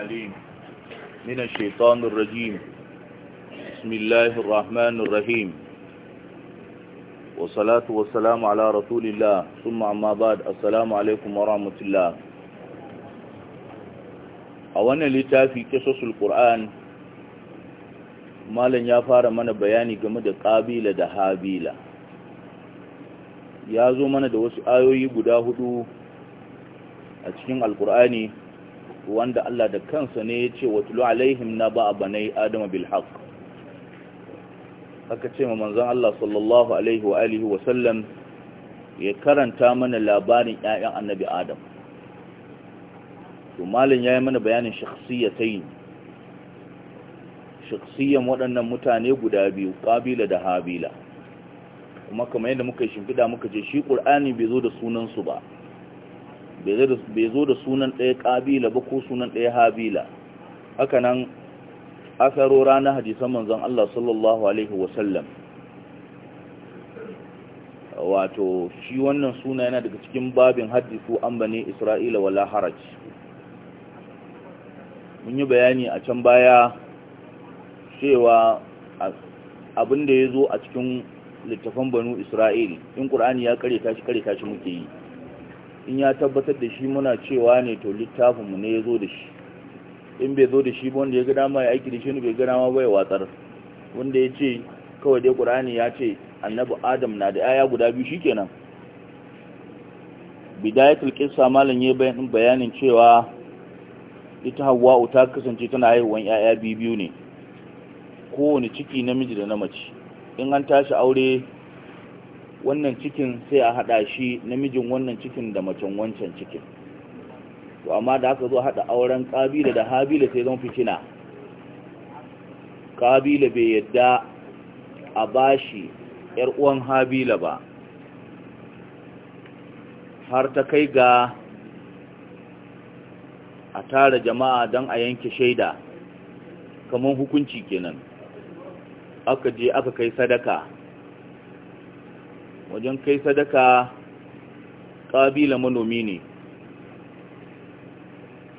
العليم من الشيطان الرجيم بسم الله الرحمن الرحيم والصلاة والسلام على رسول الله ثم أما بعد السلام عليكم ورحمة الله أولا لتافي قصص القرآن مالا يافار من بياني قمد قابيل دهابيل يازو من دوس آيوي قداهدو a cikin alkur'ani wanda Allah da kansa ne ya ce watulu alaihim na ba a banai adama bilhaq Haka ce ma manzan Allah sallallahu alaihi wa alihi ya karanta mana labarin 'ya'yan annabi adam to malin ya yi mana bayanin shakhsiyatai shakhsiyan waɗannan mutane guda biyu ƙabila da habila kuma kamar yadda muka shimfiɗa muka ce shi ƙur'ani bai zo da sunansu ba bai zo da sunan ɗaya ƙabila ba ko sunan ɗaya habila haka nan asaro ranar hadisan manzon Allah sallallahu Alaihi wasallam wato shi wannan suna yana daga cikin babin hadisu an bane isra'ila wala haraj mun yi bayani a can baya cewa abinda ya zo a cikin littafan banu isra'ili in ƙur'ani ya kareta shi kareta shi muke yi in ya tabbatar da shi muna cewa ne to littafinmu ne ya zo da shi in bai zo da shi wanda ya gada ma ya aiki da shi ne bai gada ma bai watsar wanda ya ce kawai dai ƙurani ya ce annabi adam na da yaya guda biyu shikenan bidayatul qissa malam ya bayanin cewa ita hawa ta kasance tana haihuwan yaya biyu ne kowane ciki namiji da na mace in an tashi aure wannan cikin sai a haɗa shi namijin wannan cikin da macen wancan cikin to amma da aka zo haɗa auren ƙabila da habila sai zan fitina ƙabila bai yadda a bashi ‘yar uwan habila ba har ta kai ga a tara jama'a don a yanke shaida kamar hukunci kenan aka je aka kai sadaka wajen kai sadaka ƙabila manomi ne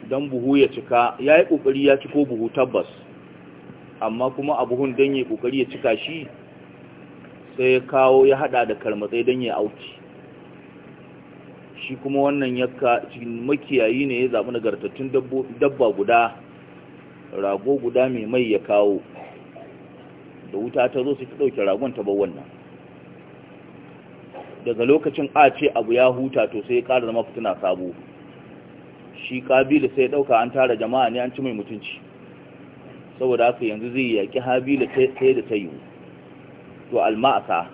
don buhu ya cika ya yi ƙoƙari ya ciko buhu tabbas amma kuma a buhun don ya ƙoƙari ya cika shi sai ya kawo ya haɗa da karmatsai don ya auki shi kuma wannan cikin makiyayi ne ya zaɓi nagartattun dabba guda rago guda mai mai ya kawo da wuta ta zo su ta ɗauke ragon ta bar wannan daga lokacin a ce abu ya huta to sai ya ƙara zama fitina sabo shi ƙabila sai ya ɗauka an tara jama'a ne an ci mai mutunci saboda haka yanzu zai yaƙi habila sai da ta yiwu to alma'asa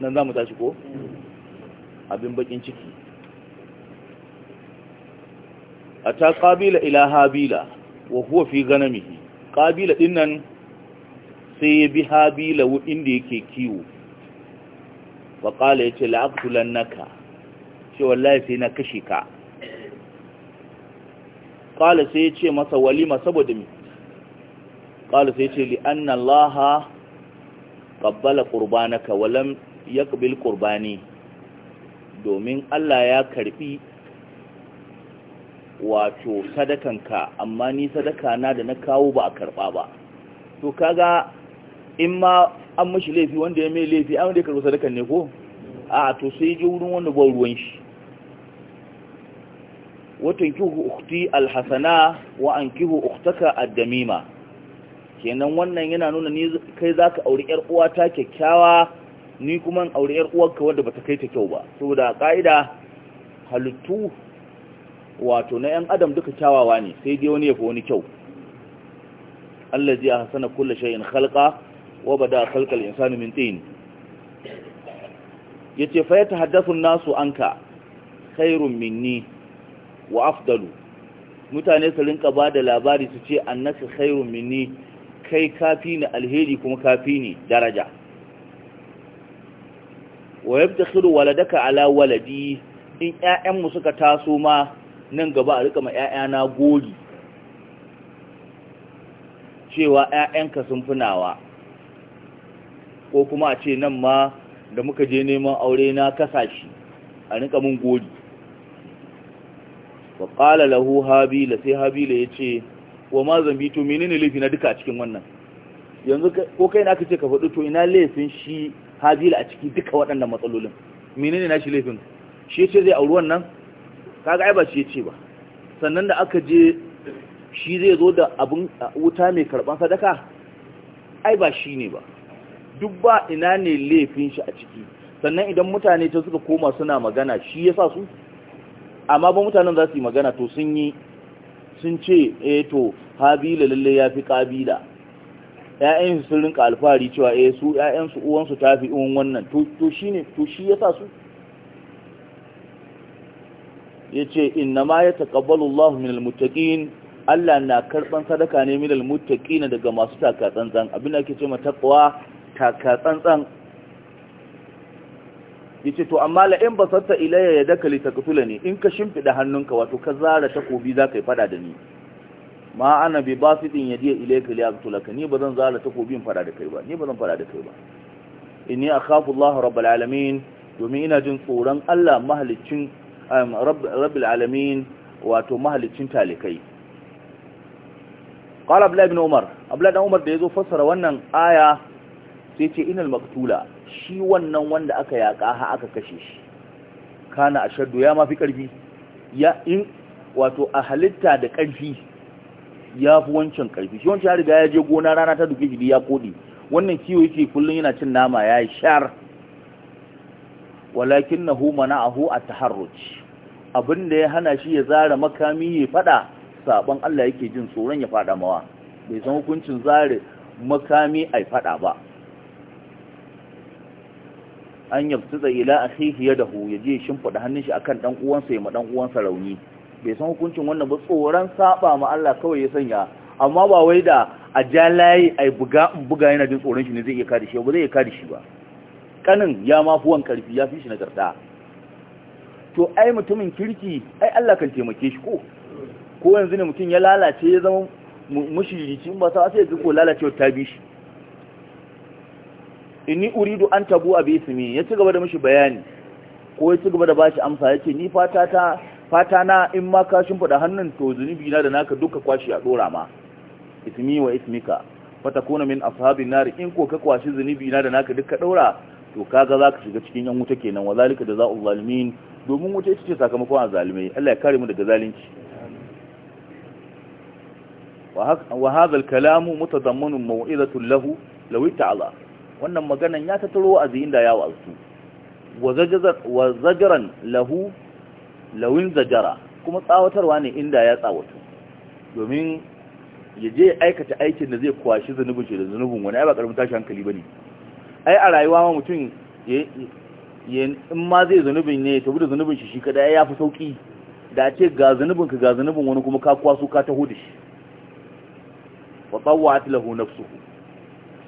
nan za mu tashi ko abin bakin ciki a ta ƙabila ila habila wa huwa fi ganami. ƙabila ɗin nan sai ya bi habila inda yake kiwo wa ya ce la naka ce wallahi sai na kashe ka ƙala sai ya ce masa walima saboda mi ƙala sai yace li anna allaha qabbala qurbanaka wa ya yaqbil qurbani domin Allah ya karbi wato sadakanka amma ni sadaka na da na kawo ba a karba ba to kaga in ma an mashi laifi wanda ya mai laifi an wanda ya karɓi sadakan ne ko a to sai je wurin wanda ba ruwan shi watan hu ukti alhasana wa an hu uktaka addamima kenan wannan yana nuna ni kai zaka auri yar uwata kyakkyawa ni kuma in auri yar uwarka wanda bata kai ta kyau ba saboda kaida halittu wato na yan adam duka kyawawa ne sai dai wani ya fi wani kyau Allah allazi ahsana kulli shay'in khalqa wa bada khalqal insani min tin yace fa yatahaddathu an-nasu anka khairun minni wa afdalu mutane su rinka bada labari su ce annaka khairun minni kai kafi ni alheri kuma kafi ni daraja wa yabtakhiru waladaka ala waladi in ƴaƴanmu suka taso ma nan gaba a rika ma ƴaƴana goli cewa 'ya'yanka sun funawa ko kuma a ce nan ma da muka je neman aure na kasa shi a rinka mun gori wa ƙala lahu habila sai habila ce, wa ma zambi to menene laifi na duka a cikin wannan yanzu ko kai na kace ka faɗi to ina laifin shi habila a ciki duka waɗannan matsalolin menene na shi laifin shi ce zai auri wannan kaga ai ba shi ce ba sannan da aka je shi zai zo da abin wuta mai karɓar sadaka ai ba shi ne ba duk ba ina ne laifin shi a ciki sannan idan mutane ta suka koma suna magana shi ya sa su amma ba mutanen za su yi magana to sun yi sun ce eto eh to habila lalle ya fi kabila Ya'yan su sun rinka alfahari cewa eh su ‘ya’yan su uwansu ta fi uwan wannan to shi ne to shi sa su ce inna ma ya taƙabbalu Allahu minal mutaƙin Allah na karɓar sadaka ne minal muttaqin daga masu taka tsantsan abin da ake ce ma taqwa taka tsantsan yace to amma la in basatta ilayya yadaka ne, in ka shimfida hannunka wato ka zara takobi ka yi fada da ni ma ana bi basitin yadiya ilayka ka, ni bazan zara takobin fada da kai ba ni bazan fada da kai ba inni akhafu Allah rabbul alamin domin ina jin tsoron Allah mahalicin um, rabbul alamin wato mahalicin talikai qala abdullah ibn umar abdullah ibn umar da yazo fassara wannan aya sai ce inal maktula shi wannan wanda aka yaƙa ha aka kashe shi kana shaddo ya mafi ƙarfi? ya in wato a halitta da ƙarfi. ya fi wancan ƙarfi. shi wancan ya riga ya je gona rana ta duke jibi ya kodi wannan kiwo yake kullum yana cin nama ya yi shar walakin na hu mana'ahu a taharruci abinda ya hana shi ya zara makami ya fada Sabon Allah yake jin tsoron ya fada mawa bai san hukuncin zare makami a faɗa ba an yabtuza ila akhihi yadahu yaje shimfida hannun shi akan dan uwansa ya ma dan uwansa rauni bai san hukuncin wannan ba tsoran saba ma Allah kawai ya sanya amma ba wai da a ai buga in buga yana jin tsoron shi ne zai iya kada shi ba zai iya kada shi ba kanin ya ma fuwan karfi ya fi shi na garda to ai mutumin kirki ai Allah kan taimake shi ko ko yanzu ne mutum ya lalace ya zama mushirici ba sa sai ya ko lalacewa ta bi shi inni uridu an tabu abi ismi ya ci gaba da mishi bayani ko ya ci gaba da bashi amsa yace ni fata na in ma ka da hannun to zunubi na da naka duka kwashi a dora ma ismi wa ismika kuna min ashabin nar in ko ka kwashi zunubi na da naka duka daura to kaga ka shiga cikin yan wuta kenan wazalika jazaa'ul zalimin domin wuta ita ce sakamakon azalimai Allah ya kare mu daga zalunci wa hadha al-kalamu mutadammanun maw'izatun lahu law ta'ala wannan maganan ya turo a zihin da ya wasu wa zajaran lahu lawin zajara kuma tsawatarwa ne inda ya tsawatu domin ya je aikata aikin da zai kwashi zunubin shi da zunubin wani ai ba karamin tashi hankali ne. ai a rayuwa ma mutum in ma zai zunubin ne ta da zunubin shi shi kada ya fi sauki da a ce ga zunubin ka ga zunubin wani kuma ka kwaso ka taho da shi wa tsawwa lahu nafsuhu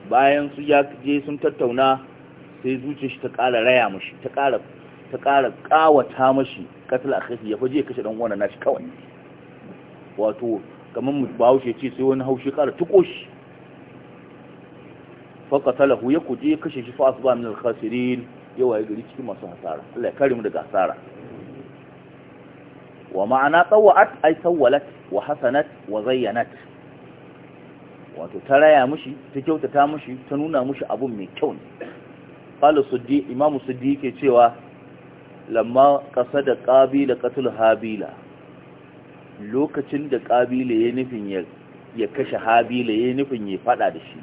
bayan su ya je sun tattauna sai zuciya shi ta ƙara raya mashi ta ƙara ta ƙawata mashi katila a ya faje kashe ɗan na nashi kawai wato kamar mu haushe ce sai wani haushi ƙara tuko shi Talahu ya kuje kashe shi fa ba minar al-khasirin yawa ya gari cikin masu hasara Allah ya kare mu daga hasara wa ma'ana tsawa'at ay tsawwalat, wa hasanat wa zayyanat wato ta raya mushi ta kyautata mushi ta nuna mushi abun mai kyau ne qala suddi imam suddi yake cewa lamma qasada qabila qatl habila lokacin da qabila ya nufin ya kashe habila ya nufin ya faɗa da shi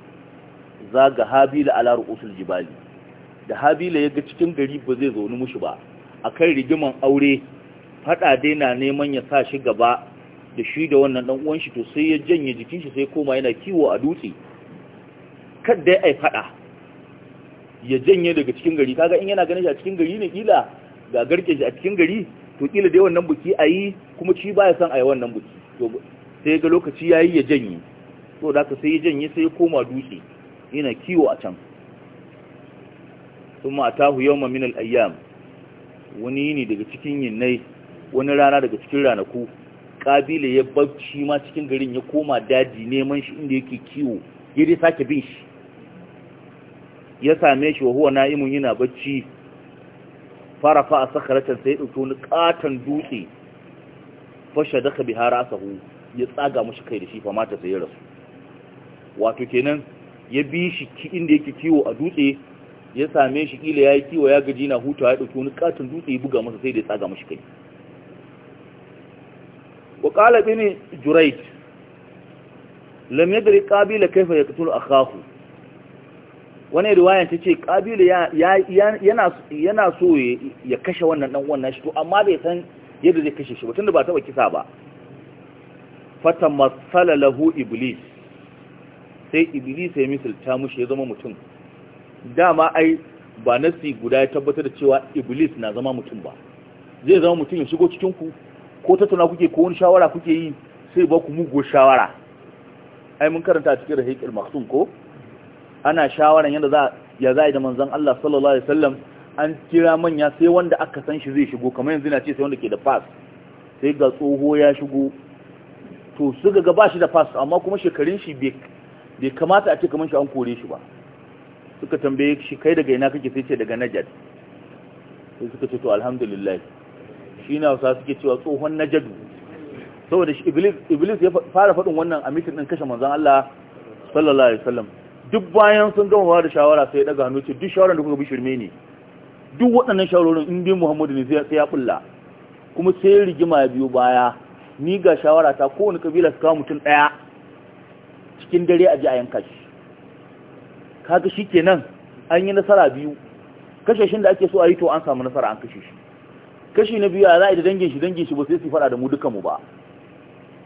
zaga habila ala ru'usul jibali da habila ya ga cikin gari ba zai zaune mushi ba A akan rigiman aure fada dai na neman ya sa shi gaba da shi da wannan dan uwan shi to sai ya janye jikin shi sai koma yana kiwo a dutse kada ya fada ya janye daga cikin gari kaga in yana ganin shi a cikin gari ne kila ga garke shi a cikin gari to kila dai wannan buki ayi kuma shi baya son ayi wannan buki to sai ga lokaci yayi ya janye to da ka sai ya janye sai ya koma dutse yana kiwo a can thumma atahu yawma min al-ayyam wani ne daga cikin yinnai wani rana daga cikin ranaku kabila ya bacci ma cikin garin ya koma daji neman shi inda yake kiwo ya dai sake bin shi ya same shi wa huwa na'imun yana bacci fara fa a sakaratar sai ya ɗauki wani ƙaton dutse fashe daga bihara a ya tsaga mashi kai da shi fa mata sai ya rasu wato kenan ya bi shi inda yake kiwo a dutse ya same shi kila ya yi kiwo ya gaji na hutawa ya ɗauki wani ƙaton dutse ya buga masa sai da ya tsaga mashi kai وقال ابن جريج lam yadri qabila kaifa yaqtulu akhahu wani riwaya tace qabila yana yana so ya kashe wannan dan wannan shi to amma bai san yadda zai kashe shi ba da ba taɓa kisa ba matsala lahu iblis sai iblis ya misalta mushi ya zama mutum dama ai ba nasi guda ya tabbatar da cewa iblis na zama mutum ba zai zama mutum ya shigo cikin ku ko tattauna kuke ko wani shawara kuke yi sai ba ku mugu shawara ai mun karanta a cikin rahiqul maktum ko ana shawaran yadda za ya zai da manzon Allah sallallahu alaihi wasallam an kira manya sai wanda aka san shi zai shigo kamar yanzu na ce sai wanda ke da pass sai ga tsoho ya shigo to su ga ba shi da pass amma kuma shekarun shi bai kamata a ce kamar shi an kore shi ba suka tambaye shi kai daga ina kake sai ce daga Najd sai suka ce to alhamdulillah shi na wasa suke cewa tsohon na jadu saboda shi iblis ya fara faɗin wannan a mitin ɗin kashe manzan Allah sallallahu alaihi wasallam duk bayan sun gama da shawara sai ya daga hannu ce duk shawaran da kuka bi shirme ne duk waɗannan shawarorin in Muhammadu ne sai ya bulla kuma sai rigima ya biyo baya ni ga shawara ta kowane kabila su kawo mutum ɗaya cikin dare a ji a yanka shi kaga shi kenan an yi nasara biyu kashe shi da ake so a yi to an samu nasara an kashe shi kashi na biyu a za a yi da dangin shi dangin shi ba sai su faɗa da mu duka mu ba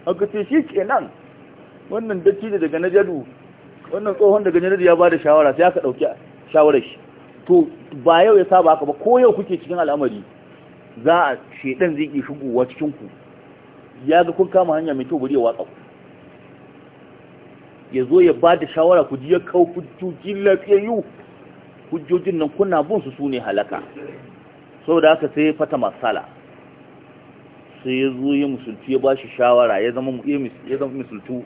haka ce shi ke nan wannan datti da daga najadu wannan tsohon daga najadu ya ba da shawara sai aka ɗauki shawarar shi to ba yau ya saba haka ba ko yau kuke cikin al'amari za a shedan zai ke shigowa cikin ku ya ga kun kama hanya mai kyau bari ya watsa ku ya zo ya ba da shawara ku ji ya kawo hujjojin lafiyayyu hujjojin nan kuna bin su su ne halaka saboda haka sai ya fata masala sai ya zo ya musulci ya ba shi shawara ya zama musultu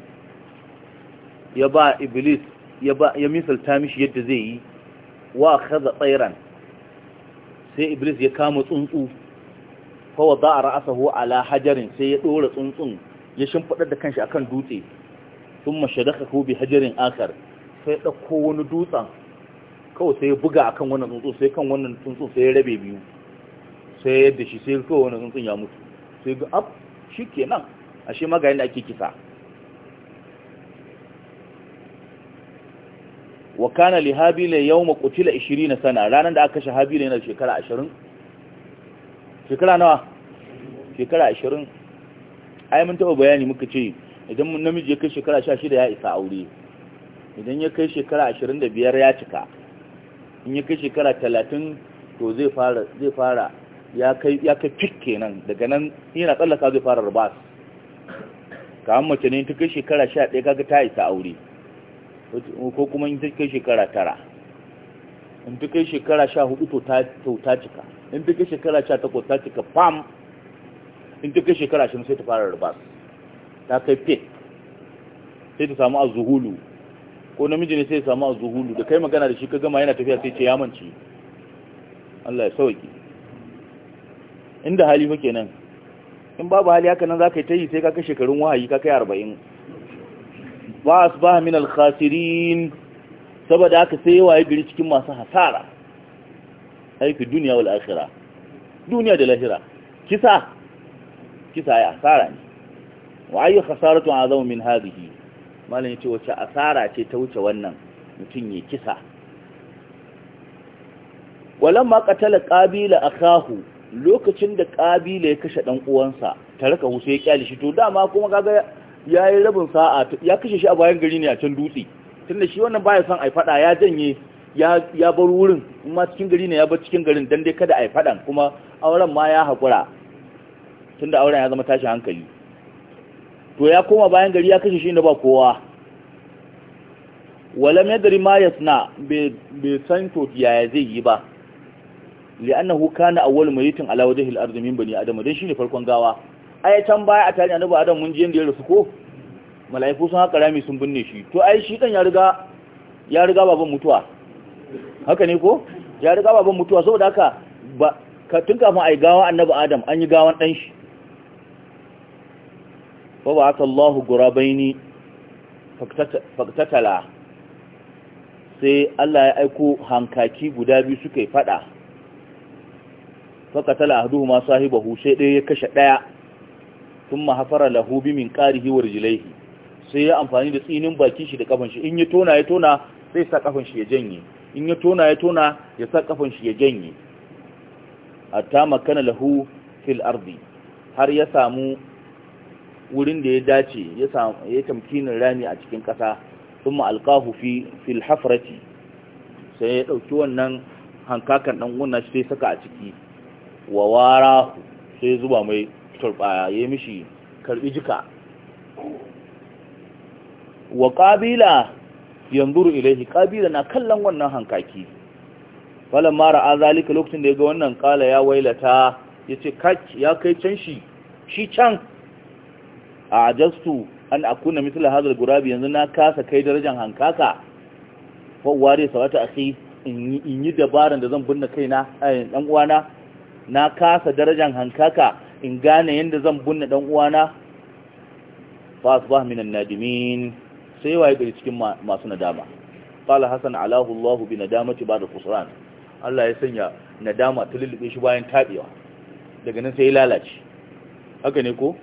ya ba iblis ya misalta mishi yadda zai yi wa kaza tsairan sai iblis ya kama tsuntsu kawai za a ra'asa ho ala hajarin sai ya ɗora tsuntsun ya faɗar da kanshi akan dutse sun mashadaka ko bi hajarin akar sai ɗauko wani dutsen kawai sai ya buga akan wannan tsuntsu sai kan wannan tsuntsu sai ya rabe biyu sai yadda shi sai kawai wani tsuntsun ya mutu sai ga ab shi ke nan a shi magayin da ake kisa wa kana li habila yawma qutila 20 sana ranar da aka kashe habila yana shekara 20 shekara nawa shekara 20 ai mun taba bayani muka ce idan namiji ya kai shekara 16 ya isa aure idan ya kai shekara 25 ya cika in ya kai shekara 30 to zai fara zai fara ya kai ya fik kenan daga nan yana tsallaka zai fara rubas ka an mace ne ta kai shekara sha ɗaya kaga ta isa aure ko kuma in ta kai shekara tara in ta kai shekara sha hudu to ta cika in ta kai shekara sha takwas ta cika fam in ta kai shekara shi sai ta fara rubas ta kai fik sai ta samu azuhulu ko namiji ne sai ta samu azuhulu da kai magana da shi ka gama yana tafiya sai ce ya mance Allah ya sauki inda hali kuke nan, in babu hali haka nan zaka yi ta yi sai ka kai shekarun wahayi ka kai 40 wa ba min al-khasirin saboda haka sai waye gari cikin masu hasara aiki duniya wal akhirah duniya da lahira kisa kisa ya hasara ne wa ayi khasaratu azam min hadhihi malan yace wace asara ce ta wuce wannan mutun ya kisa walamma qatala qabila akahu lokacin da ƙabila ya kashe ɗan uwansa raka husa ya kyale shi to dama kuma kaga ya yi rabin sa'a ya kashe shi a bayan gari ne a can dutse tunda shi wannan baya son a yi fada ya janye ya bar wurin kuma cikin gari ne ya bar cikin garin dan dai kada a yi fadan kuma auren ma ya haƙura tunda auren ya zama tashi hankali to ya koma bayan gari ya kashe shi inda ba kowa wala mai gari ma ya suna bai san to yaya zai yi ba li'annahu kana awwal mayitin ala wajhi al-ardi min bani adam dan shine farkon gawa ai can baya a tare annabi adam mun ji yanda ya rasu ko mala'iku sun haka rami sun binne shi to ai shi dan ya riga ya riga baban mutuwa haka ne ko ya riga baban mutuwa saboda haka ba ka tun kafin ai gawa annabi adam an yi gawan dan shi fa ba Allahu gurabaini faktatala sai Allah ya aiko hankaki guda biyu suka yi fada faƙatala ahaduhu ma sahibahu sai ɗaya ya kashe ɗaya sun mahafara lahu bi min ƙarihi wa rijilaihi sai ya amfani da tsinin baki shi da kafan shi in ya tona ya tona sai sa kafan shi ya janye in ya tona ya tona ya sa kafan shi ya janye hatta makana lahu fil ardi har ya samu wurin da ya dace ya samu ya rami a cikin ƙasa sun ma'alƙahu fi fil hafrati sai ya ɗauki wannan hankakan ɗan wannan shi sai saka a ciki wa wara sai zuba mai turbaya ya mishi karbi jika wa ƙabila yanzuru ilaihi ƙabila na kallon wannan hankaki falon mara a zalika lokacin da ya ga wannan kala ya wailata ya ce ya kai can shi shi can a ajastu an akuna mitula hazar gurabi yanzu na kasa kai darajan hankaka fa'uwa dai sawata a sai in yi dabaran da zan binne kaina a eh, ɗan uwana na kasa darajar hankaka in gane yadda zan bunna dan uwana fa asbah minan nadimin sai waye gari cikin masu nadama qala hasan alahu allah bi nadamati ba'da kusuran. Allah ya sanya nadama ta lullube shi bayan taɓewa. daga nan sai lalace haka ne ko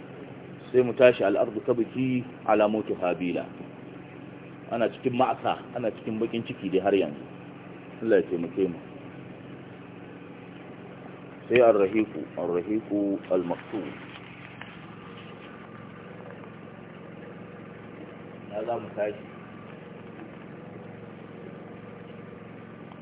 sai mu tashi al'ardu ta ala mutu habila ana cikin ma'asa ana cikin bakin ciki dai har yanzu Allah ya taimake mu sai arrahiku arrahiku almaktu na za mu tashi